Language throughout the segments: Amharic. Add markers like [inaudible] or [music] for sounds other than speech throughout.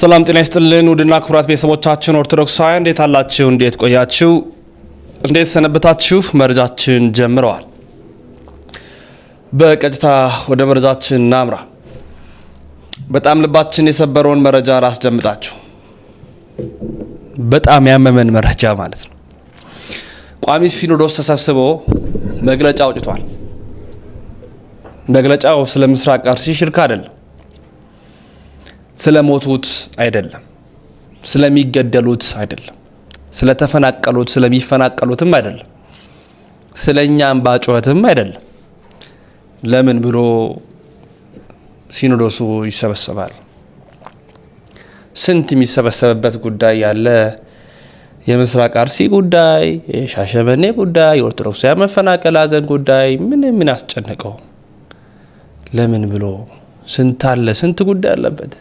ሰላም ጤና ይስጥልን ውድና ክቡራት ቤተሰቦቻችን ኦርቶዶክሳውያን እንዴት አላችሁ? እንዴት ቆያችሁ? እንዴት ሰነበታችሁ? መረጃችን ጀምረዋል። በቀጥታ ወደ መረጃችን እናምራ። በጣም ልባችን የሰበረውን መረጃ ጀምጣችሁ በጣም ያመመን መረጃ ማለት ነው። ቋሚ ሲኖዶስ ተሰብስቦ መግለጫ አውጭቷል። መግለጫው ስለ ምስራቅ አርሲ ሽርክ አይደለም ስለሞቱት አይደለም፣ ስለሚገደሉት አይደለም፣ ስለተፈናቀሉት ስለሚፈናቀሉትም አይደለም፣ ስለኛም እኛ እንባ ጩኸትም አይደለም። ለምን ብሎ ሲኖዶሱ ይሰበሰባል? ስንት የሚሰበሰብበት ጉዳይ ያለ የምስራቅ አርሲ ጉዳይ፣ የሻሸመኔ ጉዳይ፣ የኦርቶዶክሳውያን መፈናቀል አዘን ጉዳይ ምን ምን አስጨነቀው? ለምን ብሎ ስንት አለ፣ ስንት ጉዳይ አለበት።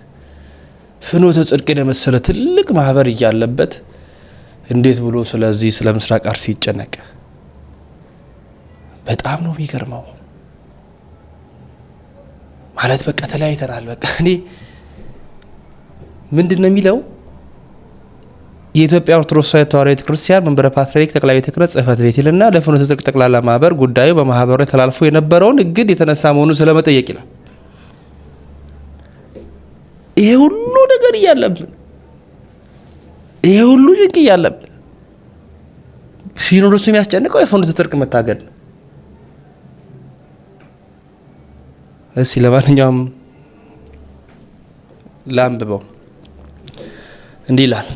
ፍኖተ ጽድቅን የመሰለ ትልቅ ማህበር እያለበት እንዴት ብሎ ስለዚህ ስለ ምስራቅ አርሲ ይጨነቅ? በጣም ነው የሚገርመው። ማለት በቃ ተለያይተናል። በቃ እኔ ምንድን ነው የሚለው የኢትዮጵያ ኦርቶዶክስ ተዋሕዶ ቤተ ክርስቲያን መንበረ ፓትርያርክ ጠቅላይ ቤተ ክህነት ጽህፈት ቤት ይልና ለፍኖተ ጽድቅ ጠቅላላ ማህበር ጉዳዩ በማህበሩ ላይ ተላልፎ የነበረውን እግድ የተነሳ መሆኑን ስለመጠየቅ ይላል። ይሄ ሁሉ ነገር እያለብን ይሄ ሁሉ ጭንቅ እያለብን ሲኖዶሱ የሚያስጨንቀው የፍኖተ ጽድቅ መታገድ ነው። እስኪ ለማንኛውም ላንብበው እንዲህ ይላል።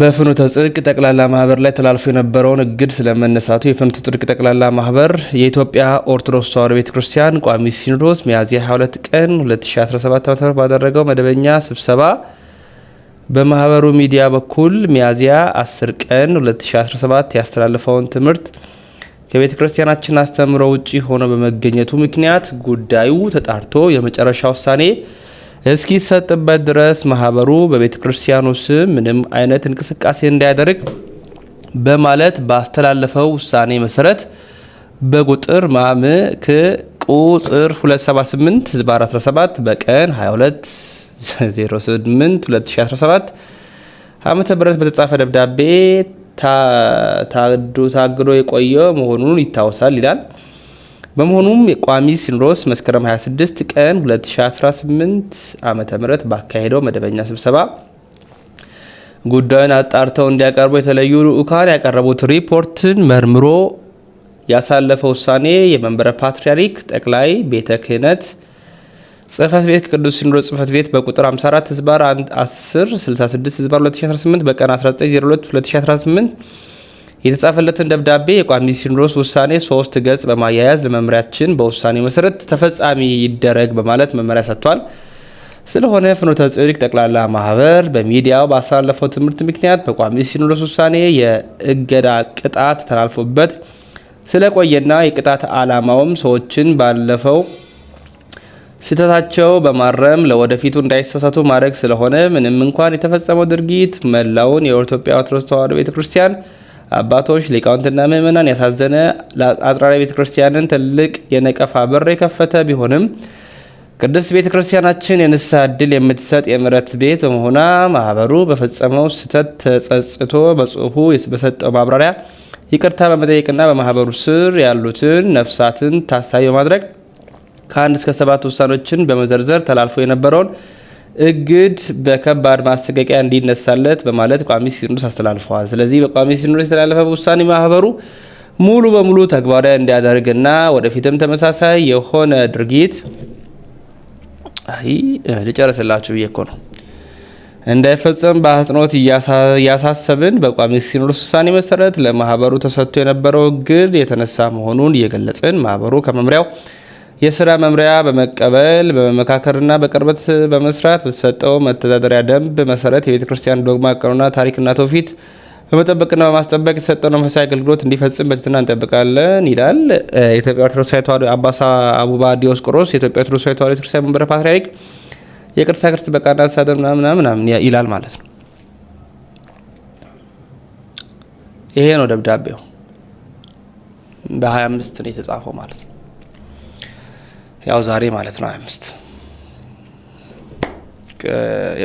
በፍኖተ ጽድቅ ጠቅላላ ማህበር ላይ ተላልፎ የነበረውን እግድ ስለመነሳቱ የፍኖተ ጽድቅ ጠቅላላ ማህበር የኢትዮጵያ ኦርቶዶክስ ተዋሕዶ ቤተ ክርስቲያን ቋሚ ሲኖዶስ ሚያዝያ 22 ቀን 2017 ዓ.ም ባደረገው መደበኛ ስብሰባ በማህበሩ ሚዲያ በኩል ሚያዝያ 10 ቀን 2017 ያስተላለፈውን ትምህርት ከቤተ ክርስቲያናችን አስተምህሮ ውጪ ሆኖ በመገኘቱ ምክንያት ጉዳዩ ተጣርቶ የመጨረሻ ውሳኔ እስኪሰጥበት ድረስ ማህበሩ በቤተ ክርስቲያኑ ስም ምንም አይነት እንቅስቃሴ እንዳያደርግ በማለት ባስተላለፈው ውሳኔ መሰረት በቁጥር ማም ክ ቁጥር 278 ህዝብ 417 በቀን 2208 2017 ዓመተ ምህረት በተጻፈ ደብዳቤ ታግዶ የቆየ መሆኑን ይታወሳል ይላል። በመሆኑም የቋሚ ሲኖዶስ መስከረም 26 ቀን 2018 ዓ ም ባካሄደው መደበኛ ስብሰባ ጉዳዩን አጣርተው እንዲያቀርቡ የተለዩ ልዑካን ያቀረቡት ሪፖርትን መርምሮ ያሳለፈ ውሳኔ የመንበረ ፓትርያርክ ጠቅላይ ቤተ ክህነት ጽህፈት ቤት ቅዱስ ሲኖዶስ ጽህፈት ቤት በቁጥር 54 ህዝባር 1 10 66 ህዝባር 2018 በቀን 1902 2018 የተጻፈለትን ደብዳቤ የቋሚ ሲኖዶስ ውሳኔ ሶስት ገጽ በማያያዝ ለመምሪያችን በውሳኔ መሰረት ተፈጻሚ ይደረግ በማለት መመሪያ ሰጥቷል። ስለሆነ ፍኖተ ጽድቅ ጠቅላላ ማህበር በሚዲያው ባሳለፈው ትምህርት ምክንያት በቋሚ ሲኖዶስ ውሳኔ የእገዳ ቅጣት ተላልፎበት ስለቆየና የቅጣት ዓላማውም ሰዎችን ባለፈው ስህተታቸው በማረም ለወደፊቱ እንዳይሳሳቱ ማድረግ ስለሆነ ምንም እንኳን የተፈጸመው ድርጊት መላውን የኢትዮጵያ ኦርቶዶክስ ተዋሕዶ ቤተ ክርስቲያን አባቶች፣ ሊቃውንትና ምእመናን ያሳዘነ አጽራረ ቤተ ክርስቲያንን ትልቅ የነቀፋ በር የከፈተ ቢሆንም ቅድስት ቤተ ክርስቲያናችን የንስሐ ዕድል የምትሰጥ የምሕረት ቤት በመሆኗ ማህበሩ በፈጸመው ስህተት ተጸጽቶ በጽሁፉ በሰጠው ማብራሪያ ይቅርታ በመጠየቅና በማህበሩ ስር ያሉትን ነፍሳትን ታሳቢ በማድረግ ከአንድ እስከ ሰባት ውሳኖችን በመዘርዘር ተላልፎ የነበረውን እግድ በከባድ ማስጠንቀቂያ እንዲነሳለት በማለት ቋሚ ሲኖዶስ አስተላልፈዋል። ስለዚህ በቋሚ ሲኖዶስ የተላለፈ ውሳኔ ማህበሩ ሙሉ በሙሉ ተግባራዊ እንዲያደርግና ወደፊትም ተመሳሳይ የሆነ ድርጊት አይ ልጨርስላችሁ ብዬ እኮ ነው እንዳይፈጸም በአጽንኦት እያሳሰብን በቋሚ ሲኖዶስ ውሳኔ መሰረት ለማህበሩ ተሰጥቶ የነበረው እግድ የተነሳ መሆኑን እየገለጽን ማህበሩ ከመምሪያው የስራ መምሪያ በመቀበል በመመካከርና በቅርበት በመስራት በተሰጠው መተዳደሪያ ደንብ መሰረት የቤተ ክርስቲያን ዶግማ፣ ቀኖና፣ ታሪክና ትውፊት በመጠበቅና በማስጠበቅ የተሰጠውን መንፈሳዊ አገልግሎት እንዲፈጽም በትህትና እንጠብቃለን ይላል የኢትዮጵያ ኦርቶዶክሳዊ ተዋሕዶ አባሳ አቡባ ዲዮስቆሮስ የኢትዮጵያ ኦርቶዶክሳዊ ተዋሕዶ ቤተክርስቲያን መንበረ ፓትርያርክ የቅርሳ ቅርስ በቃና አስተዳደር ምናምናምናምን ይላል ማለት ነው። ይሄ ነው ደብዳቤው። በ25 ነው የተጻፈው ማለት ነው። ያው ዛሬ ማለት ነው 25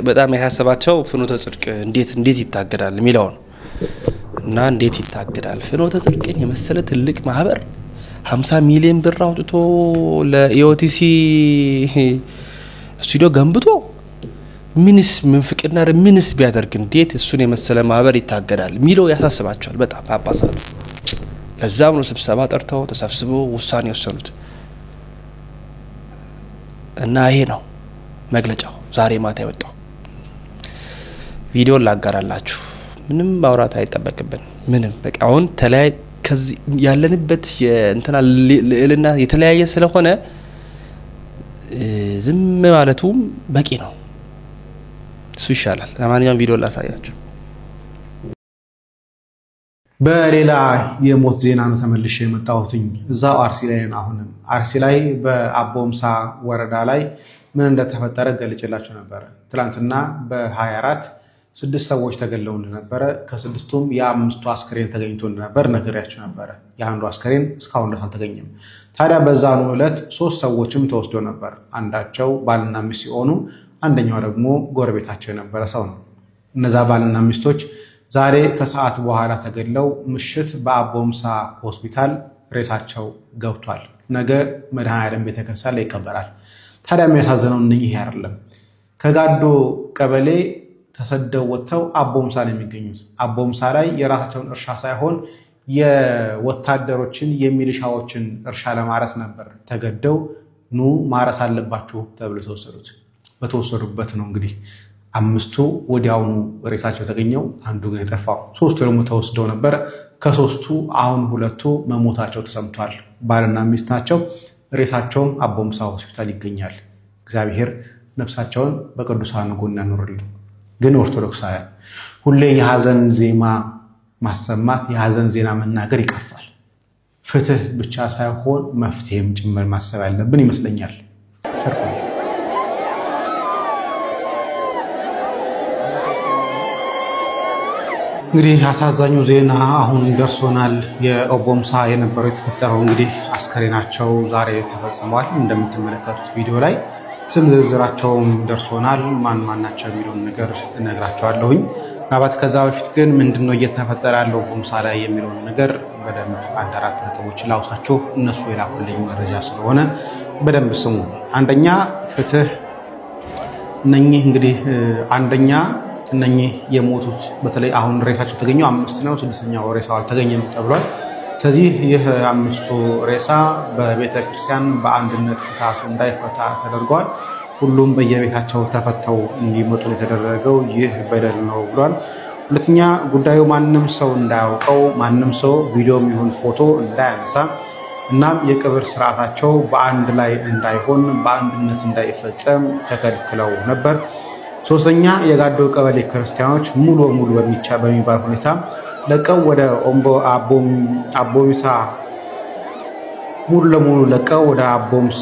በጣም ያሳሰባቸው ፍኖተ ጽድቅ እንዴት እንዴት ይታገዳል የሚለው ነው እና እንዴት ይታገዳል ፍኖተ ጽድቅን የመሰለ ትልቅ ማህበር 50 ሚሊዮን ብር አውጥቶ ለኢኦቲሲ ስቱዲዮ ገንብቶ ምንስ ምንፍቅና ምንስ ቢያደርግ እንዴት እሱን የመሰለ ማህበር ይታገዳል የሚለው ያሳስባቸዋል በጣም ጳጳሳቱ። ለዛም ነው ስብሰባ ጠርተው ተሰብስበው ውሳኔ የወሰኑት። እና ይሄ ነው መግለጫው ዛሬ ማታ የወጣው። ቪዲዮ ላጋራላችሁ። ምንም ማውራት አይጠበቅብን። ምንም በቃ አሁን ተለያይ ከዚህ ያለንበት እንትና ልዕልና የተለያየ ስለሆነ ዝም ማለቱም በቂ ነው። እሱ ይሻላል። ለማንኛውም ቪዲዮ ላሳያችሁ። በሌላ የሞት ዜና ነው ተመልሼ የመጣሁትኝ እዛው አርሲ ላይ ነን። አሁንም አርሲ ላይ በአቦምሳ ወረዳ ላይ ምን እንደተፈጠረ ገልጭላቸው ነበረ። ትናንትና በ24 ስድስት ሰዎች ተገለው እንደነበረ ከስድስቱም የአምስቱ አስክሬን ተገኝቶ እንደነበር ነግሬያቸው ነበረ። የአንዱ አስክሬን እስካሁን ድረስ አልተገኘም። ታዲያ በዛኑ ዕለት ሶስት ሰዎችም ተወስደው ነበር። አንዳቸው ባልና ሚስት ሲሆኑ አንደኛው ደግሞ ጎረቤታቸው የነበረ ሰው ነው። እነዛ ባልና ሚስቶች ዛሬ ከሰዓት በኋላ ተገድለው ምሽት በአቦምሳ ሆስፒታል ሬሳቸው ገብቷል። ነገ መድኃኔዓለም ቤተክርስቲያን ላይ ይቀበራል። ታዲያ የሚያሳዝነው እነኚህ አይደለም። ከጋዶ ቀበሌ ተሰደው ወጥተው አቦምሳ ነው የሚገኙት። አቦምሳ ላይ የራሳቸውን እርሻ ሳይሆን የወታደሮችን የሚሊሻዎችን እርሻ ለማረስ ነበር ተገደው ኑ ማረስ አለባችሁ ተብሎ ተወሰዱት። በተወሰዱበት ነው እንግዲህ አምስቱ ወዲያውኑ ሬሳቸው የተገኘው፣ አንዱ ግን የጠፋው፣ ሶስቱ ደግሞ ተወስደው ነበር። ከሶስቱ አሁን ሁለቱ መሞታቸው ተሰምቷል። ባልና ሚስት ናቸው። ሬሳቸውም አቦምሳ ሆስፒታል ይገኛል። እግዚአብሔር ነፍሳቸውን በቅዱሳን ጎን ያኖርልን። ግን ኦርቶዶክሳውያን ሁሌ የሐዘን ዜማ ማሰማት የሐዘን ዜና መናገር ይቀፋል። ፍትህ ብቻ ሳይሆን መፍትሄም ጭምር ማሰብ ያለብን ይመስለኛል። እንግዲህ አሳዛኙ ዜና አሁን ደርሶናል። የኦቦምሳ የነበረው የተፈጠረው እንግዲህ አስከሬናቸው ዛሬ ተፈጽሟል። እንደምትመለከቱት ቪዲዮ ላይ ስም ዝርዝራቸውም ደርሶናል። ማን ማናቸው የሚለውን ነገር እነግራቸዋለሁኝ። ምናልባት ከዛ በፊት ግን ምንድነው እየተፈጠረ ያለው ኦቦምሳ ላይ የሚለውን ነገር በደንብ አንድ አራት ነጥቦች ላውሳችሁ። እነሱ የላኩልኝ መረጃ ስለሆነ በደንብ ስሙ። አንደኛ ፍትህ እነኚህ እንግዲህ አንደኛ እነኚህ የሞቱት በተለይ አሁን ሬሳቸው የተገኘው አምስት ነው። ስድስተኛው ሬሳው አልተገኘም ተብሏል። ስለዚህ ይህ አምስቱ ሬሳ በቤተ ክርስቲያን በአንድነት ፍትሐቱ እንዳይፈታ ተደርገዋል። ሁሉም በየቤታቸው ተፈተው እንዲመጡ የተደረገው ይህ በደል ነው ብሏል። ሁለተኛ ጉዳዩ ማንም ሰው እንዳያውቀው ማንም ሰው ቪዲዮም ይሁን ፎቶ እንዳያነሳ እናም የቅብር ስርዓታቸው በአንድ ላይ እንዳይሆን በአንድነት እንዳይፈጸም ተከልክለው ነበር። ሶስተኛ የጋዶ ቀበሌ ክርስቲያኖች ሙሉ በሙሉ በሚቻ በሚባል ሁኔታ ለቀው ወደ ኦምቦ ሙሉ ለሙሉ ለቀው ወደ አቦምሳ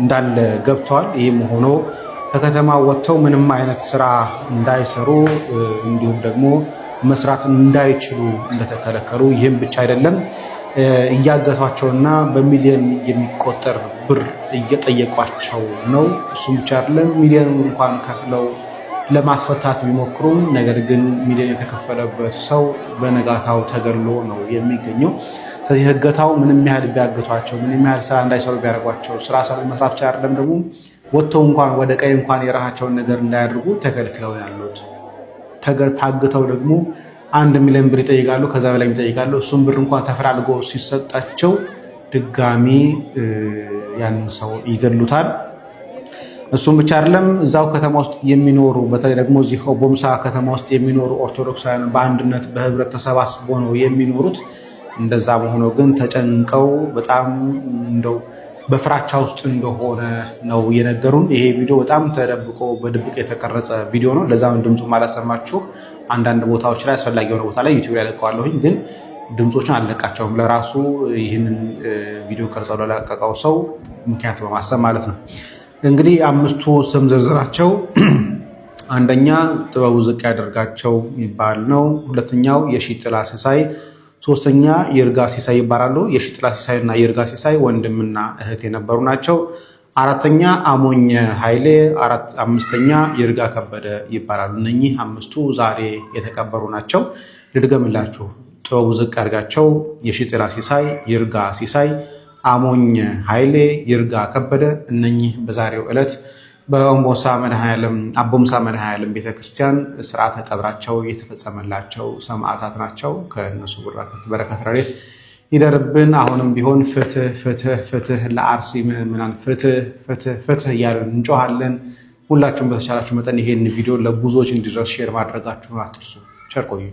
እንዳለ ገብተዋል። ይህም ሆኖ ከከተማ ወጥተው ምንም አይነት ስራ እንዳይሰሩ እንዲሁም ደግሞ መስራት እንዳይችሉ እንደተከለከሉ ይህም ብቻ አይደለም እያገቷቸውና በሚሊዮን የሚቆጠር ብር እየጠየቋቸው ነው። እሱም ብቻ አይደለም፣ ሚሊዮን እንኳን ከፍለው ለማስፈታት ቢሞክሩም ነገር ግን ሚሊዮን የተከፈለበት ሰው በነጋታው ተገድሎ ነው የሚገኘው። ስለዚህ ህገታው ምንም ያህል ቢያገቷቸው፣ ምንም ያህል ስራ እንዳይሰሩ ቢያደርጓቸው፣ ስራ ሰሩ መስራት ብቻ አይደለም ደግሞ ወጥተው እንኳን ወደ ቀይ እንኳን የራሳቸውን ነገር እንዳያደርጉ ተከልክለው ያሉት ታግተው ደግሞ አንድ ሚሊዮን ብር ይጠይቃሉ፣ ከዛ በላይ ይጠይቃሉ። እሱም ብር እንኳን ተፈላልጎ ሲሰጣቸው ድጋሚ ያንን ሰው ይገሉታል እሱም ብቻ አይደለም፣ እዛው ከተማ ውስጥ የሚኖሩ በተለይ ደግሞ እዚህ ቦምሳ ከተማ ውስጥ የሚኖሩ ኦርቶዶክሳውያን በአንድነት በህብረት ተሰባስቦ ነው የሚኖሩት። እንደዛ ሆኖ ግን ተጨንቀው በጣም እንደው በፍራቻ ውስጥ እንደሆነ ነው የነገሩን። ይሄ ቪዲዮ በጣም ተደብቆ በድብቅ የተቀረጸ ቪዲዮ ነው። ለዛም ድምፁ አላሰማችሁ አንዳንድ ቦታዎች ላይ አስፈላጊ የሆነ ቦታ ላይ ዩቲዩብ ላይ ለቀዋለሁኝ፣ ግን ድምፆችን አልለቃቸውም ለራሱ ይህንን ቪዲዮ ቀርጸው ለለቀቀው ሰው ምክንያት በማሰብ ማለት ነው። እንግዲህ አምስቱ ስም ዝርዝራቸው [clears throat] አንደኛ ጥበቡ ዝቅ ያደርጋቸው ይባል ነው። ሁለተኛው የሺጥላ ሲሳይ፣ ሶስተኛ የእርጋ ሲሳይ ይባላሉ። የሺጥላ ሲሳይ እና የእርጋ ሲሳይ ወንድምና እህት የነበሩ ናቸው። አራተኛ አሞኘ ኃይሌ፣ አምስተኛ ይርጋ ከበደ ይባላሉ። እነኚህ አምስቱ ዛሬ የተቀበሩ ናቸው። ልድገምላችሁ። ጥበቡ ዝቅ አድርጋቸው፣ የሽጥራ ሲሳይ፣ ይርጋ ሲሳይ፣ አሞኘ ኃይሌ፣ ይርጋ ከበደ። እነኚህ በዛሬው ዕለት በኦምቦሳ መድኃኔዓለም አቦምሳ መድኃኔዓለም ቤተክርስቲያን ስርዓተ ቀብራቸው የተፈጸመላቸው ሰማዕታት ናቸው። ከእነሱ በረከት ረድኤት ይደርብን። አሁንም ቢሆን ፍትህ ፍትህ ፍትህ ለአርሲ ምዕመናን ፍትህ ፍትህ ፍትህ እያለን እንጮሃለን። ሁላችሁም በተቻላችሁ መጠን ይሄን ቪዲዮ ለብዙዎች እንዲደርስ ሼር ማድረጋችሁን አትርሱ። ቸር ቆዩ።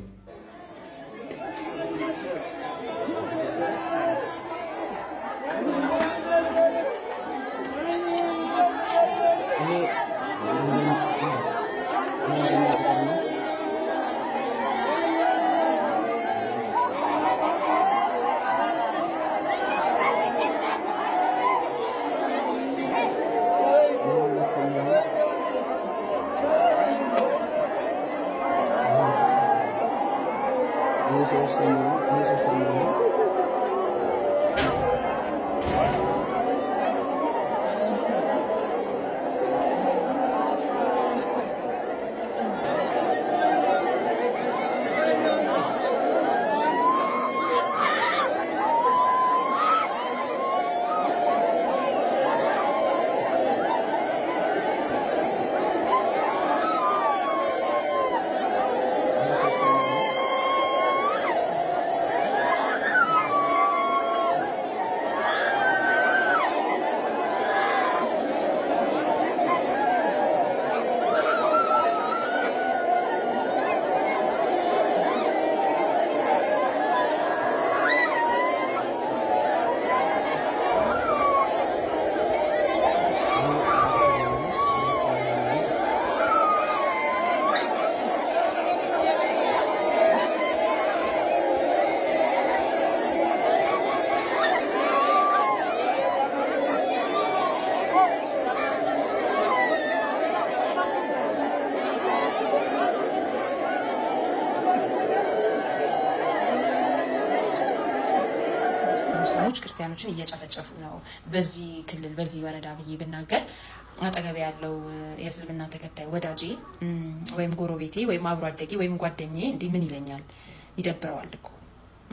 ሙስሊሞች ክርስቲያኖችን እየጨፈጨፉ ነው በዚህ ክልል በዚህ ወረዳ ብዬ ብናገር አጠገብ ያለው የእስልምና ተከታይ ወዳጄ ወይም ጎረቤቴ ወይም አብሮ አደጌ ወይም ጓደኜ እንዲህ ምን ይለኛል? ይደብረዋል እኮ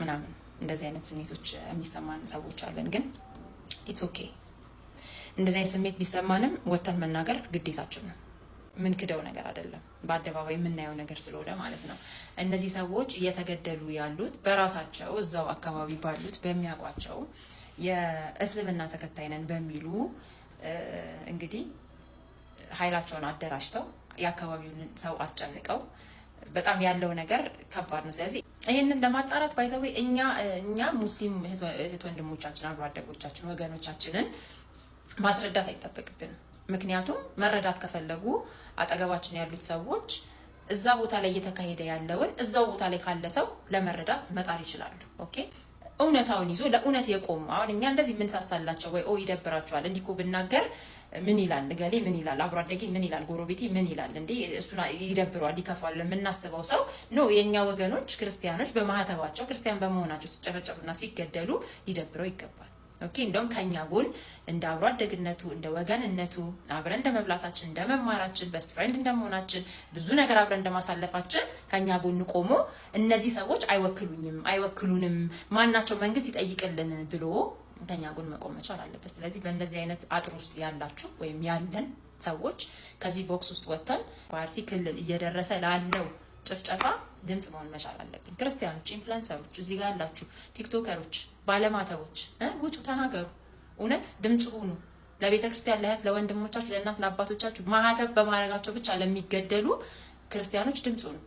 ምናምን እንደዚህ አይነት ስሜቶች የሚሰማን ሰዎች አለን። ግን ኢትስ ኦኬ እንደዚህ አይነት ስሜት ቢሰማንም ወተን መናገር ግዴታችን ነው። ምን ክደው ነገር አይደለም። በአደባባይ የምናየው ነገር ስለሆነ ማለት ነው። እነዚህ ሰዎች እየተገደሉ ያሉት በራሳቸው እዛው አካባቢ ባሉት በሚያውቋቸው የእስልምና ተከታይ ነን በሚሉ እንግዲህ ኃይላቸውን አደራጅተው የአካባቢውን ሰው አስጨንቀው በጣም ያለው ነገር ከባድ ነው። ስለዚህ ይህንን ለማጣራት ባይዘዊ እኛ እኛ ሙስሊም እህት ወንድሞቻችን አብሮ አደጎቻችን ወገኖቻችንን ማስረዳት አይጠበቅብንም። ምክንያቱም መረዳት ከፈለጉ አጠገባችን ያሉት ሰዎች እዛ ቦታ ላይ እየተካሄደ ያለውን እዛው ቦታ ላይ ካለ ሰው ለመረዳት መጣር ይችላሉ። ኦኬ እውነታውን ይዞ ለእውነት የቆሙ አሁን እኛ እንደዚህ የምንሳሳላቸው ወይ ኦ ይደብራቸዋል፣ እንዲህ እኮ ብናገር ምን ይላል እገሌ፣ ምን ይላል አብሮ አደጌ፣ ምን ይላል ጎረቤቴ፣ ምን ይላል እንዴ እሱን ይደብረዋል፣ ይከፋል የምናስበው ሰው ኖ። የእኛ ወገኖች ክርስቲያኖች በማህተባቸው ክርስቲያን በመሆናቸው ሲጨፈጨፉና ሲገደሉ ሊደብረው ይገባል። ኦኬ እንደውም ከኛ ጎን እንደ አብሮ አደግነቱ እንደ ወገንነቱ አብረን እንደ መብላታችን እንደ መማራችን በስት ፍሬንድ እንደመሆናችን ብዙ ነገር አብረን እንደማሳለፋችን ከኛ ጎን ቆሞ እነዚህ ሰዎች አይወክሉኝም፣ አይወክሉንም ማናቸው መንግስት ይጠይቅልን ብሎ ከኛ ጎን መቆም መቻል አለበት። ስለዚህ በእንደዚህ አይነት አጥር ውስጥ ያላችሁ ወይም ያለን ሰዎች ከዚህ ቦክስ ውስጥ ወጥተን በአርሲ ክልል እየደረሰ ላለው ጭፍጨፋ ድምፅ መሆን መቻል አለብን። ክርስቲያኖች፣ ኢንፍሉንሰሮች፣ እዚህ ጋር ያላችሁ ቲክቶከሮች፣ ባለማተቦች ውጡ፣ ተናገሩ፣ እውነት ድምፅ ሁኑ። ለቤተ ክርስቲያን፣ ለእህት፣ ለወንድሞቻችሁ፣ ለእናት፣ ለአባቶቻችሁ ማህተብ በማድረጋቸው ብቻ ለሚገደሉ ክርስቲያኖች ድምፅ ሁኑ።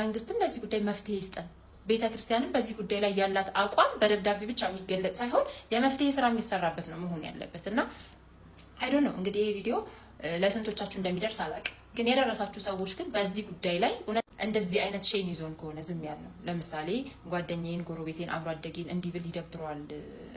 መንግስትም ለዚህ ጉዳይ መፍትሄ ይስጠን። ቤተ ክርስቲያንም በዚህ ጉዳይ ላይ ያላት አቋም በደብዳቤ ብቻ የሚገለጥ ሳይሆን የመፍትሄ ስራ የሚሰራበት ነው መሆን ያለበት እና አይዶ ነው እንግዲህ ይህ ቪዲዮ ለስንቶቻችሁ እንደሚደርስ አላውቅም፣ ግን የደረሳችሁ ሰዎች ግን በዚህ ጉዳይ ላይ እንደዚህ አይነት ሼም ይዞን ከሆነ ዝም ያል ነው። ለምሳሌ ጓደኛዬን፣ ጎረቤቴን፣ አብሮ አደጌን እንዲህ ብል ይደብረዋል፣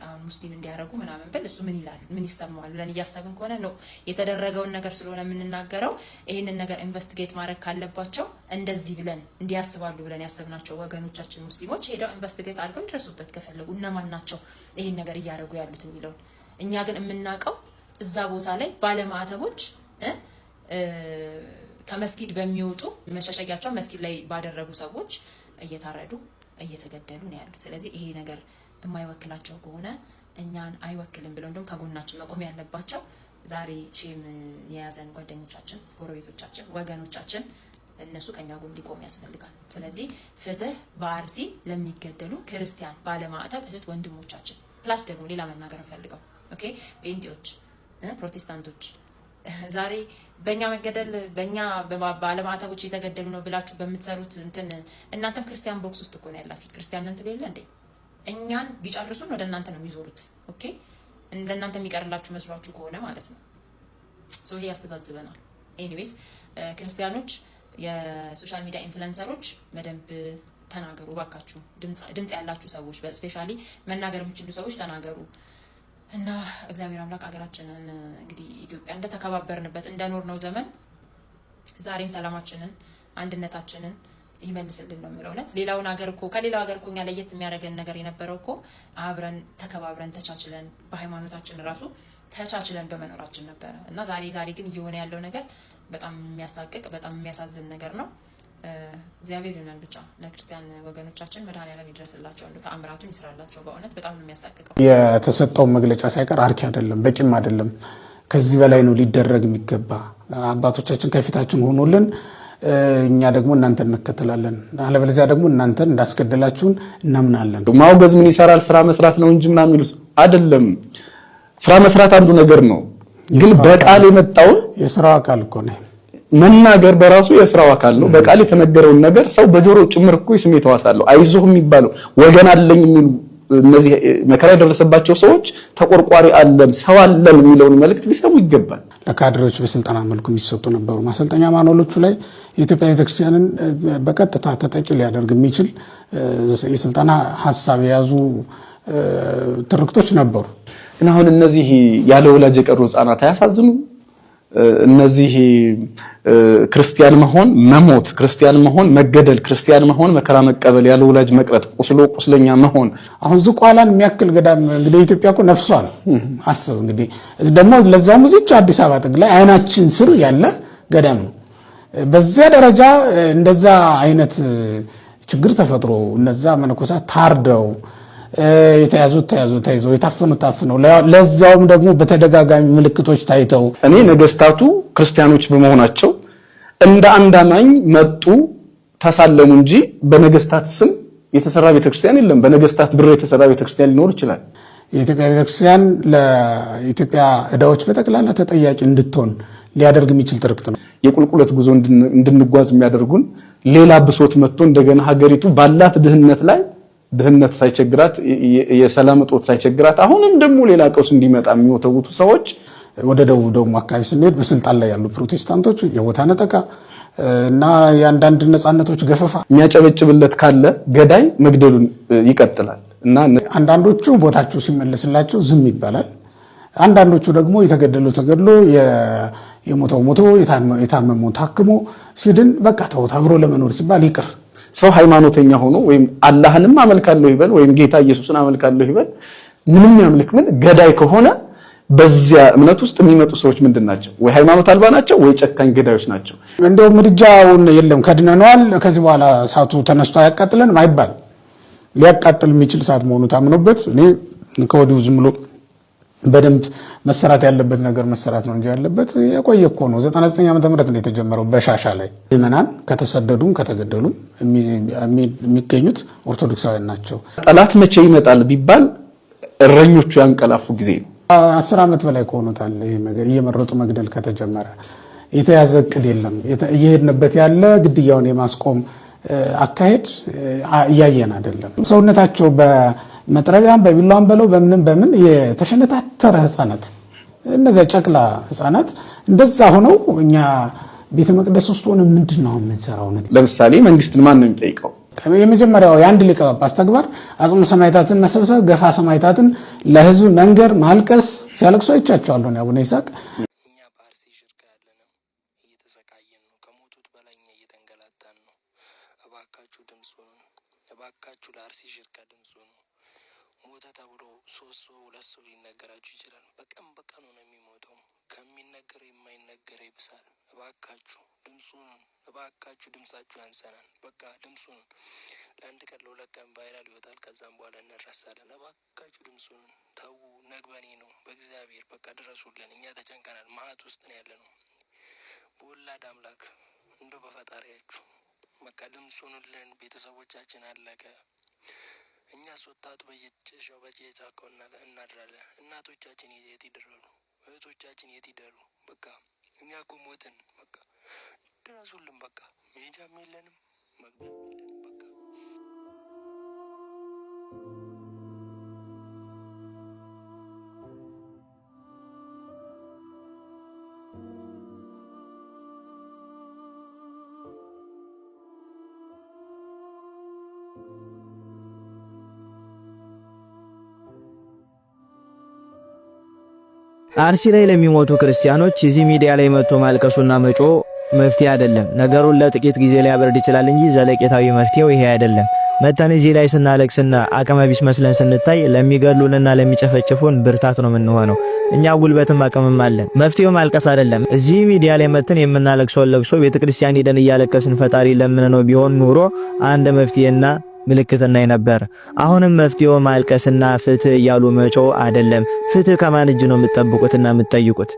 አሁን ሙስሊም እንዲያደርጉ ምናምን ብል እሱ ምን ይላል፣ ምን ይሰማዋል ብለን እያሰብን ከሆነ ነው የተደረገውን ነገር ስለሆነ የምንናገረው። ይህንን ነገር ኢንቨስቲጌት ማድረግ ካለባቸው እንደዚህ ብለን እንዲያስባሉ ብለን ያሰብናቸው ወገኖቻችን ሙስሊሞች ሄደው ኢንቨስቲጌት አድርገው ይደረሱበት ከፈለጉ እነማን ናቸው ይህን ነገር እያደረጉ ያሉት የሚለውን። እኛ ግን የምናውቀው እዛ ቦታ ላይ ባለማዕተቦች ከመስጊድ በሚወጡ መሸሸጊያቸው መስጊድ ላይ ባደረጉ ሰዎች እየታረዱ እየተገደሉ ነው ያሉት። ስለዚህ ይሄ ነገር የማይወክላቸው ከሆነ እኛን አይወክልም ብለው እንደውም ከጎናችን መቆም ያለባቸው ዛሬ ሼም የያዘን ጓደኞቻችን፣ ጎረቤቶቻችን፣ ወገኖቻችን እነሱ ከኛ ጎን ሊቆም ያስፈልጋል። ስለዚህ ፍትህ በአርሲ ለሚገደሉ ክርስቲያን ባለማዕተብ እህት ወንድሞቻችን ፕላስ ደግሞ ሌላ መናገር እንፈልገው ኦኬ ጴንጤዎች፣ ፕሮቴስታንቶች ዛሬ በእኛ መገደል በእኛ ባለማተቦች እየተገደሉ ነው ብላችሁ በምትሰሩት እንትን እናንተም ክርስቲያን ቦክስ ውስጥ እኮ ነው ያላችሁት። ክርስቲያን ነን የለ እንዴ? እኛን ቢጨርሱን ወደ እናንተ ነው የሚዞሩት። ኦኬ፣ እናንተ የሚቀርላችሁ መስሏችሁ ከሆነ ማለት ነው። ሶ ይሄ ያስተዛዝበናል። ኤኒዌይስ ክርስቲያኖች፣ የሶሻል ሚዲያ ኢንፍሉንሰሮች በደንብ ተናገሩ እባካችሁ። ድምፅ ያላችሁ ሰዎች፣ ስፔሻሊ መናገር የምችሉ ሰዎች ተናገሩ። እና እግዚአብሔር አምላክ ሀገራችንን እንግዲህ ኢትዮጵያ እንደተከባበርንበት እንደኖር ነው ዘመን ዛሬም ሰላማችንን አንድነታችንን ይመልስልን ነው የሚለው እውነት። ሌላውን ሀገር እኮ ከሌላው ሀገር እኮ እኛ ለየት የሚያደርገን ነገር የነበረው እኮ አብረን ተከባብረን ተቻችለን በሃይማኖታችን ራሱ ተቻችለን በመኖራችን ነበረ እና ዛሬ ዛሬ ግን እየሆነ ያለው ነገር በጣም የሚያሳቅቅ በጣም የሚያሳዝን ነገር ነው። እግዚአብሔር ይሆናል ብቻ ለክርስቲያን ወገኖቻችን መድኃኔዓለም ይድረስላቸው፣ እንደ ተአምራቱን ይስራላቸው። በእውነት በጣም ነው የሚያሳቅቀው። የተሰጠውን መግለጫ ሳይቀር አርኪ አይደለም በቂም አይደለም፣ ከዚህ በላይ ነው ሊደረግ የሚገባ። አባቶቻችን ከፊታችን ሆኖልን እኛ ደግሞ እናንተን እንከተላለን። አለበለዚያ ደግሞ እናንተን እንዳስገደላችሁን እናምናለን። ማውገዝ ምን ይሰራል? ስራ መስራት ነው እንጂ ምናምን የሚሉት አይደለም። ስራ መስራት አንዱ ነገር ነው፣ ግን በቃል የመጣውን የስራው አካል እኮ ነው መናገር በራሱ የስራው አካል ነው። በቃል የተነገረውን ነገር ሰው በጆሮ ጭምር እኮ የስሜት ሕዋስ አለው። አይዞህ የሚባለው ወገን አለኝ የሚሉ እነዚህ መከራ የደረሰባቸው ሰዎች ተቆርቋሪ አለን ሰው አለን የሚለውን መልእክት ሊሰሙ ይገባል። ለካድሬዎች በስልጠና መልኩ የሚሰጡ ነበሩ። ማሰልጠኛ ማኖሎቹ ላይ የኢትዮጵያ ቤተክርስቲያንን በቀጥታ ተጠቂ ሊያደርግ የሚችል የስልጠና ሀሳብ የያዙ ትርክቶች ነበሩ እና አሁን እነዚህ ያለ ወላጅ የቀሩ ህጻናት አያሳዝኑ? እነዚህ ክርስቲያን መሆን መሞት፣ ክርስቲያን መሆን መገደል፣ ክርስቲያን መሆን መከራ መቀበል፣ ያለ ወላጅ መቅረት፣ ቁስሎ ቁስለኛ መሆን አሁን ዝቋላን የሚያክል ገዳም እንግዲህ ኢትዮጵያ እኮ ነፍሷል። አስብ እንግዲህ ደግሞ ለዛው ሙዚች አዲስ አበባ ጥግ ላይ አይናችን ስር ያለ ገዳም ነው። በዚያ ደረጃ እንደዛ አይነት ችግር ተፈጥሮ እነዛ መነኮሳት ታርደው የተያዙ ተያዙ ተይዘው የታፈኑት ታፍነው ለዛውም ደግሞ በተደጋጋሚ ምልክቶች ታይተው እኔ ነገስታቱ ክርስቲያኖች በመሆናቸው እንደ አንድ አማኝ መጡ ተሳለሙ እንጂ በነገስታት ስም የተሰራ ቤተክርስቲያን የለም። በነገስታት ብር የተሰራ ቤተክርስቲያን ሊኖር ይችላል። የኢትዮጵያ ቤተክርስቲያን ለኢትዮጵያ እዳዎች በጠቅላላ ተጠያቂ እንድትሆን ሊያደርግ የሚችል ትርክት ነው። የቁልቁለት ጉዞ እንድንጓዝ የሚያደርጉን ሌላ ብሶት መጥቶ እንደገና ሀገሪቱ ባላት ድህነት ላይ ድህነት ሳይቸግራት የሰላም እጦት ሳይቸግራት አሁንም ደግሞ ሌላ ቀውስ እንዲመጣ የሚወተውቱ ሰዎች ወደ ደቡብ ደግሞ አካባቢ ስንሄድ በስልጣን ላይ ያሉ ፕሮቴስታንቶች የቦታ ነጠቃ እና የአንዳንድ ነፃነቶች ገፈፋ የሚያጨበጭብለት ካለ ገዳይ መግደሉን ይቀጥላል። እና አንዳንዶቹ ቦታቸው ሲመለስላቸው ዝም ይባላል። አንዳንዶቹ ደግሞ የተገደለው ተገድሎ የሞተው ሞቶ የታመመው ታክሞ ሲድን በቃ ተውት አብሮ ለመኖር ሲባል ይቅር ሰው ሃይማኖተኛ ሆኖ ወይም አላህንም አመልካለሁ ይበል ወይም ጌታ ኢየሱስን አመልካለሁ ይበል ምንም ያምልክ ምን ገዳይ ከሆነ በዚያ እምነት ውስጥ የሚመጡ ሰዎች ምንድን ናቸው? ወይ ሃይማኖት አልባ ናቸው፣ ወይ ጨካኝ ገዳዮች ናቸው። እንደው ምድጃውን የለም ከድነነዋል፣ ከዚህ በኋላ እሳቱ ተነስቶ አያቃጥለንም አይባል። ሊያቃጥል የሚችል እሳት መሆኑ ታምኖበት እኔ ከወዲሁ ዝም ብሎ በደንብ መሰራት ያለበት ነገር መሰራት ነው እንጂ ያለበት የቆየ እኮ ነው። 99 ዓመተ ምህረት ነው የተጀመረው በሻሻ ላይ። ምዕመናን ከተሰደዱም ከተገደሉም የሚገኙት ኦርቶዶክሳውያን ናቸው። ጠላት መቼ ይመጣል ቢባል እረኞቹ ያንቀላፉ ጊዜ ነው። አስር ዓመት በላይ ከሆኑታል እየመረጡ መግደል ከተጀመረ። የተያዘ እቅድ የለም። እየሄድንበት ያለ ግድያውን የማስቆም አካሄድ እያየን አይደለም። ሰውነታቸው መጥረቢያን በቢላም በለው በምንም በምን የተሸነታተረ ህፃናት እነዚያ ጨቅላ ህፃናት እንደዛ ሆነው እኛ ቤተ መቅደስ ውስጥ ሆነ ምንድን ነው የምንሰራው? ለምሳሌ መንግስትን ማን ነው የሚጠይቀው? የመጀመሪያው የአንድ ሊቀ ጳጳስ ተግባር አጽሙ ሰማይታትን መሰብሰብ፣ ገፋ ሰማይታትን ለህዝብ መንገር፣ ማልቀስ። ሲያለቅሶ አይቻቸዋለሁ አቡነ ይስሐቅ ሶስት ሰው ሁለት ሰው ሊነገራችሁ ይችላል። በቀን በቀኑ ነው የሚሞተው። ከሚነገረው የማይነገረው ይብሳል። እባካችሁ ድምፁን እባካችሁ ድምጻችሁ ያንሰናል። በቃ ድምፁን ለአንድ ቀን ለሁለት ቀን ቫይራል ይወጣል። ከዛም በኋላ እንረሳለን። እባካችሁ ድምፁን ተዉ። ነግበኔ ነው። በእግዚአብሔር በቃ ድረሱልን። እኛ ተጨንቀናል። ማአት ውስጥ ነው ያለ ነው። በወላድ አምላክ እንደው በፈጣሪያችሁ በቃ ድምፁንልን። ቤተሰቦቻችን አለቀ። እኛስ ወጣቱ በየጨሻው በየጫካው እናድራለን። እናቶቻችን የት ይደረሉ? እህቶቻችን የት ይደሩ? በቃ እኛ እኮ ሞትን። በቃ ድረሱልን። በቃ መሄጃም የለንም መግቢያም የለንም። በቃ አርሲ ላይ ለሚሞቱ ክርስቲያኖች እዚህ ሚዲያ ላይ መጥቶ ማልቀሱና መጮ መፍትሄ አይደለም። ነገሩን ለጥቂት ጊዜ ሊያበርድ ይችላል እንጂ ዘለቄታዊ መፍትሄው ይሄ አይደለም። መተን እዚህ ላይ ስናለቅስና አቅመ ቢስ መስለን ስንታይ ለሚገሉንና ለሚጨፈጭፉን ብርታት ነው የምንሆነው። እኛ ጉልበትም አቅምም አለን። መፍትሄው ማልቀስ አይደለም። እዚህ ሚዲያ ላይ መተን የምናለቅሰውን ለቅሶ ቤተክርስቲያን ሄደን እያለቀስን ፈጣሪ ለምን ነው ቢሆን ኑሮ አንድ መፍትሄና ምልክት እናይ ነበር። አሁንም መፍትሄው ማልቀስና ፍትህ እያሉ መጮ አይደለም። ፍትህ ከማን እጅ ነው የምትጠብቁትና የምትጠይቁት?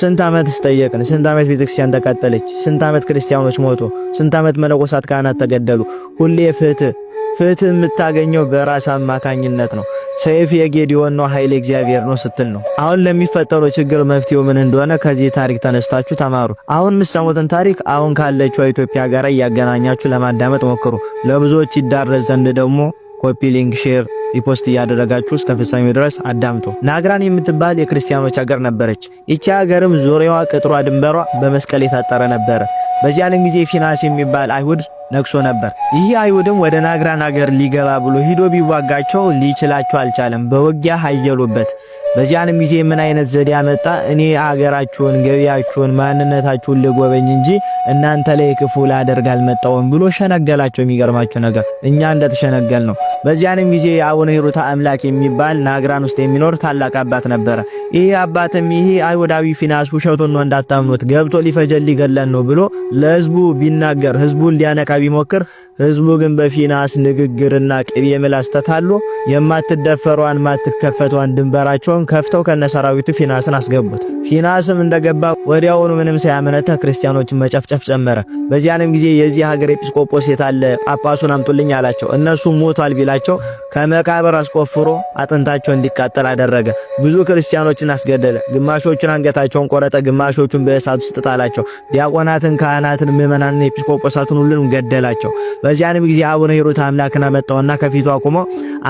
ስንት ዓመት ስጠየቅን? ስንት ዓመት ቤተክርስቲያን ተቃጠለች? ስንት ዓመት ክርስቲያኖች ሞቱ? ስንት ዓመት መነኮሳት፣ ካህናት ተገደሉ? ሁሌ ፍትህ ፍትህ የምታገኘው በራስ አማካኝነት ነው። ሰይፍ የጌዲዮን ነው፣ ኃይል እግዚአብሔር ነው ስትል ነው። አሁን ለሚፈጠረው ችግር መፍትሄው ምን እንደሆነ ከዚህ ታሪክ ተነስታችሁ ተማሩ። አሁን የምትሰሙትን ታሪክ አሁን ካለችው ኢትዮጵያ ጋር እያገናኛችሁ ለማዳመጥ ሞክሩ። ለብዙዎች ይዳረስ ዘንድ ደግሞ ኮፒ፣ ሊንክ፣ ሼር፣ ሪፖስት እያደረጋችሁ እስከ ፍጻሜው ድረስ አዳምጡ። ናግራን የምትባል የክርስቲያኖች ሀገር ነበረች። ይቺ ሀገርም ዙሪያዋ፣ ቅጥሯ፣ ድንበሯ በመስቀል የታጠረ ነበረ። በዚያን ጊዜ ፊናስ የሚባል አይሁድ ነግሶ ነበር። ይህ አይሁድም ወደ ናግራን አገር ሊገባ ብሎ ሂዶ ቢዋጋቸው ሊችላቸው አልቻለም። በውጊያ ሀየሉበት። በዚያንም ጊዜ ምን አይነት ዘዴ አመጣ? እኔ አገራችሁን፣ ገቢያችሁን፣ ማንነታችሁን ልጎበኝ እንጂ እናንተ ላይ ክፉ ላደርግ አልመጣሁም ብሎ ሸነገላቸው። የሚገርማቸው ነገር እኛ እንደተሸነገል ነው። በዚያንም ጊዜ አቡነ ሂሩታ አምላክ የሚባል ናግራን ውስጥ የሚኖር ታላቅ አባት ነበረ። ይህ አባትም ይሄ አይሁዳዊ ፊናስ ውሸቱን ነው እንዳታምኑት፣ ገብቶ ሊፈጀል ሊገለን ነው ብሎ ለህዝቡ ቢናገር ህዝቡን ሊያነቃ ቢሞክር፣ ህዝቡ ግን በፊናስ ንግግርና ቅቤ ምላስ ተታሎ የማትደፈሯን ማትከፈቷን ድንበራቸውን ከፍተው ከነሰራዊቱ ፊናስን አስገቡት። ፊናስም እንደገባ ወዲያውኑ ምንም ሳያመነታ ክርስቲያኖችን መጨፍጨፍ ጀመረ። በዚያንም ጊዜ የዚህ ሀገር ኤጲስቆጶስ የታለ ጳጳሱን አምጡልኝ አላቸው። እነሱ ሞቷል ቢላቸው ከመቃብር አስቆፍሮ አጥንታቸው እንዲቃጠል አደረገ። ብዙ ክርስቲያኖችን አስገደለ። ግማሾቹን አንገታቸውን ቆረጠ፣ ግማሾቹን በእሳት ውስጥ ጣላቸው። ዲያቆናትን፣ ካህናትን፣ ምእመናንን፣ ኤጲስቆጶሳትን ሁሉንም ገደላቸው። በዚያንም ጊዜ አቡነ ሂሩት አምላክን አመጣውና ከፊቱ አቁሞ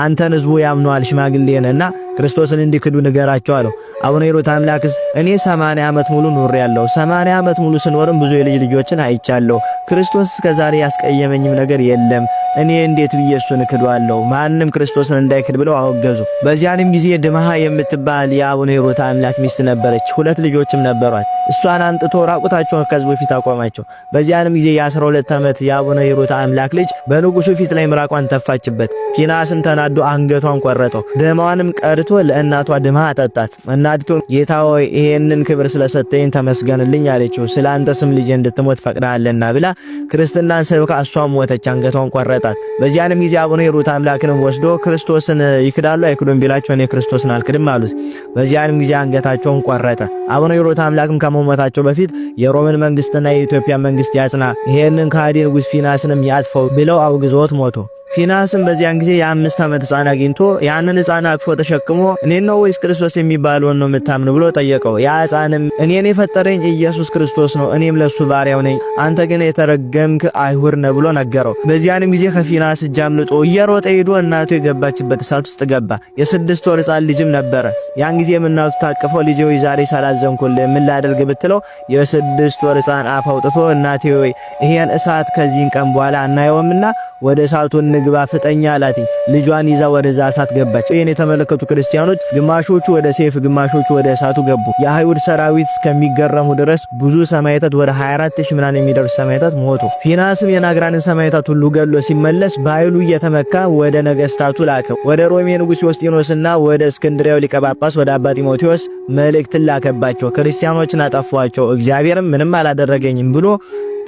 አንተን ህዝቡ ያምነዋል ሽማግሌ ነህና ክርስቶስን እንዲክዱ ንገራቸው አለው። አቡነ ሂሩት አምላክስ እኔ 80 ዓመት ሙሉ ኑሬ ያለው ሰማንያ ዓመት ሙሉ ስኖርም ብዙ የልጅ ልጆችን አይቻለሁ። ክርስቶስ እስከዛሬ ያስቀየመኝም ነገር የለም። እኔ እንዴት ብዬ እሱን እክደዋለሁ? ማንም ክርስቶስን እንዳይክድ ብለው አወገዙ። በዚያንም ጊዜ ድምሃ የምትባል የአቡነ ሂሩት አምላክ ሚስት ነበረች። ሁለት ልጆችም ነበሯት። እሷን አንጥቶ ራቁታቸውን ከሕዝቡ ፊት አቆማቸው። በዚያንም ጊዜ የአስራ 12 ዓመት የአቡነ ሂሩት አምላክ ልጅ በንጉሱ ፊት ላይ ምራቋን ተፋችበት። ፊናስም ተናዶ አንገቷን ቆረጠው። ደማዋንም ቀድቶ ለእናቷ ድምሃ ቀምማ አጠጣት። እናቲቱ ጌታ ሆይ ይህንን ክብር ስለሰጠኝ ተመስገንልኝ አለችው። ስለ አንተ ስም ልጅ እንድትሞት ፈቅዳለና ብላ ክርስትናን ሰብካ እሷም ሞተች፣ አንገቷን ቆረጣት። በዚያንም ጊዜ አቡነ ሂሩት አምላክንም ወስዶ ክርስቶስን ይክዳሉ አይክዱም ቢላቸው እኔ ክርስቶስን አልክድም አሉት። በዚያንም ጊዜ አንገታቸውን ቆረጠ። አቡነ ሂሩት አምላክም ከመሞታቸው በፊት የሮምን መንግስትና የኢትዮጵያ መንግስት ያጽና፣ ይህንን ከሃዲ ንጉስ ፊናስንም ያጥፈው ብለው አውግዞት ሞቶ ፊናስም በዚያን ጊዜ የአምስት ዓመት ህፃን አግኝቶ ያንን ህፃን አቅፎ ተሸክሞ እኔ ነው ወይስ ክርስቶስ የሚባለውን ነው የምታምን ብሎ ጠየቀው። ያ ህፃንም እኔን የፈጠረኝ ኢየሱስ ክርስቶስ ነው፣ እኔም ለሱ ባሪያው ነኝ፣ አንተ ግን የተረገምክ አይሁር ነ ብሎ ነገረው። በዚያንም ጊዜ ከፊናስ እጅ አምልጦ እየሮጠ ሄዶ እናቱ የገባችበት እሳት ውስጥ ገባ። የስድስት ወር ህፃን ልጅም ነበረ። ያን ጊዜ እናቱ ታቅፈው ልጅ ወይ ዛሬ ሳላዘንኩልህ ምን ላደርግ ብትለው የስድስት ወር ህፃን አፍ አውጥቶ እናቴ ወይ ይሄን እሳት ከዚህን ቀን በኋላ አናየውምና ወደ እሳቱ እሳቱን ግባ ፍጠኛ አላት። ልጇን ይዛ ወደዛ እሳት ገባች። ይህን የተመለከቱ ክርስቲያኖች ግማሾቹ ወደ ሰይፍ፣ ግማሾቹ ወደ እሳቱ ገቡ። የአይሁድ ሰራዊት እስከሚገረሙ ድረስ ብዙ ሰማዕታት ወደ 24 ሺህ ምናምን የሚደርሱ ሰማዕታት ሞቱ። ፊናስም የናግራንን ሰማዕታት ሁሉ ገሎ ሲመለስ በኃይሉ እየተመካ ወደ ነገስታቱ ላከ ወደ ሮሜ ንጉስ ዮስጢኖስና ወደ እስክንድሪያው ሊቀ ጳጳስ ወደ አባ ጢሞቴዎስ መልእክትን ላከባቸው። ክርስቲያኖችን አጠፏቸው፣ እግዚአብሔርም ምንም አላደረገኝም ብሎ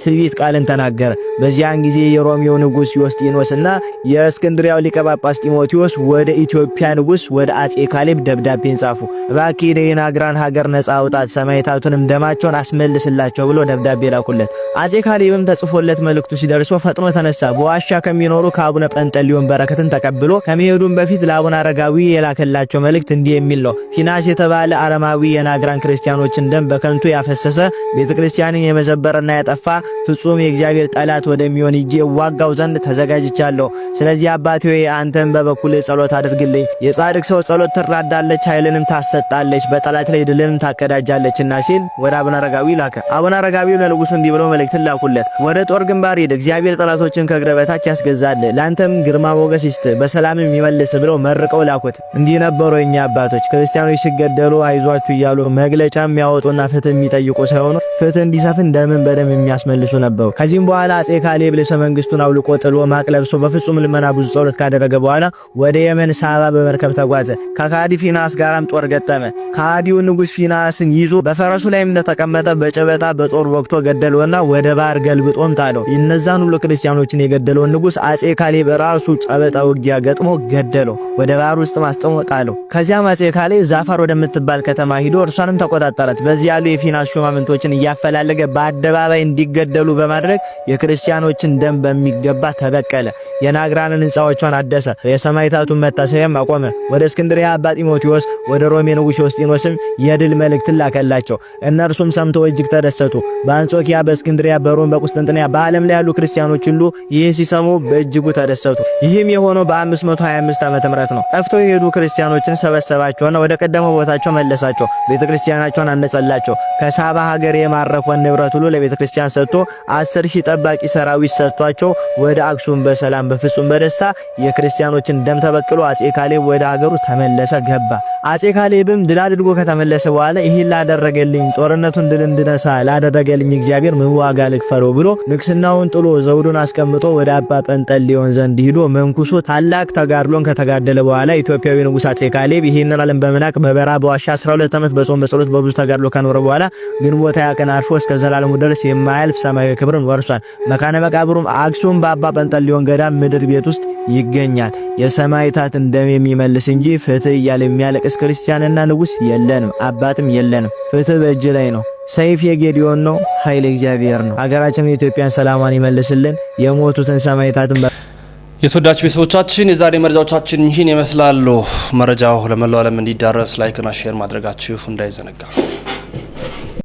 ትንቢት ቃልን ተናገረ። በዚያን ጊዜ የሮሚው ንጉሥ ዮስጢኖስና የእስክንድሪያው ሊቀ ጳጳስ ጢሞቴዎስ ወደ ኢትዮጵያ ንጉሥ ወደ አጼ ካሌብ ደብዳቤን ጻፉ። እባክህ የናግራን ሀገር ነጻ አውጣት፣ ሰማዕታቱንም ደማቸውን አስመልስላቸው ብሎ ደብዳቤ ላኩለት። አጼ ካሌብም ተጽፎለት መልእክቱ ሲደርሶ ፈጥኖ ተነሳ። በዋሻ ከሚኖሩ ከአቡነ ጰንጠሌዎን በረከትን ተቀብሎ ከመሄዱም በፊት ለአቡነ አረጋዊ የላከላቸው መልእክት እንዲህ የሚል ነው። ፊናስ የተባለ አረማዊ የናግራን ክርስቲያኖችን ደም በከንቱ ያፈሰሰ ቤተ ክርስቲያንን የመዘበረና ያጠፋ ፍጹም የእግዚአብሔር ጠላት ወደሚሆን እጄ ዋጋው ዘንድ ተዘጋጅቻለሁ። ስለዚህ አባቴ ሆይ አንተን በበኩል ጸሎት አድርግልኝ። የጻድቅ ሰው ጸሎት ትራዳለች፣ ኃይልንም ታሰጣለች፣ በጠላት ላይ ድልንም ታቀዳጃለችና ሲል ወደ አቡነ አረጋዊ ላከ። አቡነ አረጋዊ ለንጉሱ እንዲህ ብሎ መልእክትን ላኩለት። ወደ ጦር ግንባር ሂድ፣ እግዚአብሔር ጠላቶችን ከእግረ በታች ያስገዛል፣ ለአንተም ግርማ ሞገስ ይስጥ፣ በሰላምም ይመልስ ብለው መርቀው ላኩት። እንዲህ ነበሩ የኛ አባቶች ክርስቲያኖች ሲገደሉ አይዟችሁ እያሉ መግለጫ የሚያወጡና ፍትህ የሚጠይቁ ሳይሆኑ ፍትህ እንዲሰፍን ደምን በደም የሚያስመል ተመልሶ ነበሩ። ከዚህም በኋላ አጼ ካሌብ ልብሰ መንግስቱን አውልቆ ጥሎ ማቅ ለብሶ በፍጹም ልመና ብዙ ጸሎት ካደረገ በኋላ ወደ የመን ሳባ በመርከብ ተጓዘ። ከካዲ ፊናስ ጋራም ጦር ገጠመ። ካዲው ንጉስ ፊናስን ይዞ በፈረሱ ላይ እንደተቀመጠ በጨበጣ በጦር ወቅቶ ገደለውና ወደ ባህር ገልብጦም ጣለው። እነዛን ሁሉ ክርስቲያኖችን የገደለውን ንጉስ አጼ ካሌብ ራሱ ጨበጣ ውጊያ ገጥሞ ገደለው። ወደ ባህር ውስጥ ማስጠሞ ጣለው። ከዚያም አጼ ካሌብ ዛፋር ወደምትባል ከተማ ሂዶ እርሷንም ተቆጣጠራት። በዚህ ያሉ የፊናስ ሹማምንቶችን እያፈላለገ በአደባባይ እንዲገ እንዲገደሉ በማድረግ የክርስቲያኖችን ደም በሚገባ ተበቀለ። የናግራንን ሕንፃዎቿን አደሰ። የሰማዕታቱን መታሰቢያም አቆመ። ወደ እስክንድሪያ አባ ጢሞቴዎስ፣ ወደ ሮሜ ንጉሥ ዮስጢኖስም የድል መልእክትን ላከላቸው። እነርሱም ሰምተው እጅግ ተደሰቱ። በአንጾኪያ፣ በእስክንድሪያ በሮም፣ በቁስጥንጥንያ በዓለም ላይ ያሉ ክርስቲያኖች ሁሉ ይህን ሲሰሙ በእጅጉ ተደሰቱ። ይህም የሆነው በ525 ዓመተ ምህረት ነው። ጠፍቶ የሄዱ ክርስቲያኖችን ሰበሰባቸውና ወደ ቀደመው ቦታቸው መለሳቸው። ቤተክርስቲያናቸውን አነጸላቸው። ከሳባ ሀገር የማረፈውን ንብረት ሁሉ ለቤተክርስቲያን ሰጥቶ አስር ሺህ ጠባቂ ሰራዊት ሰጥቷቸው ወደ አክሱም በሰላም በፍጹም በደስታ የክርስቲያኖችን ደም ተበቅሎ አጼ ካሌብ ወደ አገሩ ተመለሰ ገባ። አጼ ካሌብም ድል አድርጎ ከተመለሰ በኋላ ይህን ላደረገልኝ ጦርነቱን ድል እንድነሳ ላደረገልኝ እግዚአብሔር ምን ዋጋ ልክፈለው ብሎ ንግስናውን ጥሎ ዘውዱን አስቀምጦ ወደ አባ ጰንጠሌዎን ዘንድ ሂዶ መንኩሶ ታላቅ ተጋድሎን ከተጋደለ በኋላ ኢትዮጵያዊ ንጉስ አጼ ካሌብ ይህንን ዓለም በመናቅ በበረሃ በዋሻ 12 ዓመት በጾም በጸሎት በብዙ ተጋድሎ ከኖረ በኋላ ግንቦት ያቀን አርፎ እስከ ዘላለሙ ድረስ የማያልፍ ሰማያዊ ክብርን ወርሷል። መካነ መቃብሩም አክሱም በአባ ጰንጠሌዎን ገዳም ምድር ቤት ውስጥ ይገኛል። የሰማይታት እንደም የሚመልስ እንጂ ፍትህ እያለ የሚያለቅ ቤተ ክርስቲያንና ንጉሥ የለንም፣ አባትም የለንም። ፍትህ በእጅ ላይ ነው። ሰይፍ የጌዲዮን ነው፣ ኃይል እግዚአብሔር ነው። ሀገራችን የኢትዮጵያን ሰላሟን ይመልስልን። የሞቱትን ሰማዕታትን የተወዳጅ ቤተሰቦቻችን የዛሬ መረጃዎቻችን ይህን ይመስላሉ። መረጃው ለመላው ዓለም እንዲዳረስ ላይክና ሼር ማድረጋችሁ እንዳይዘነጋ።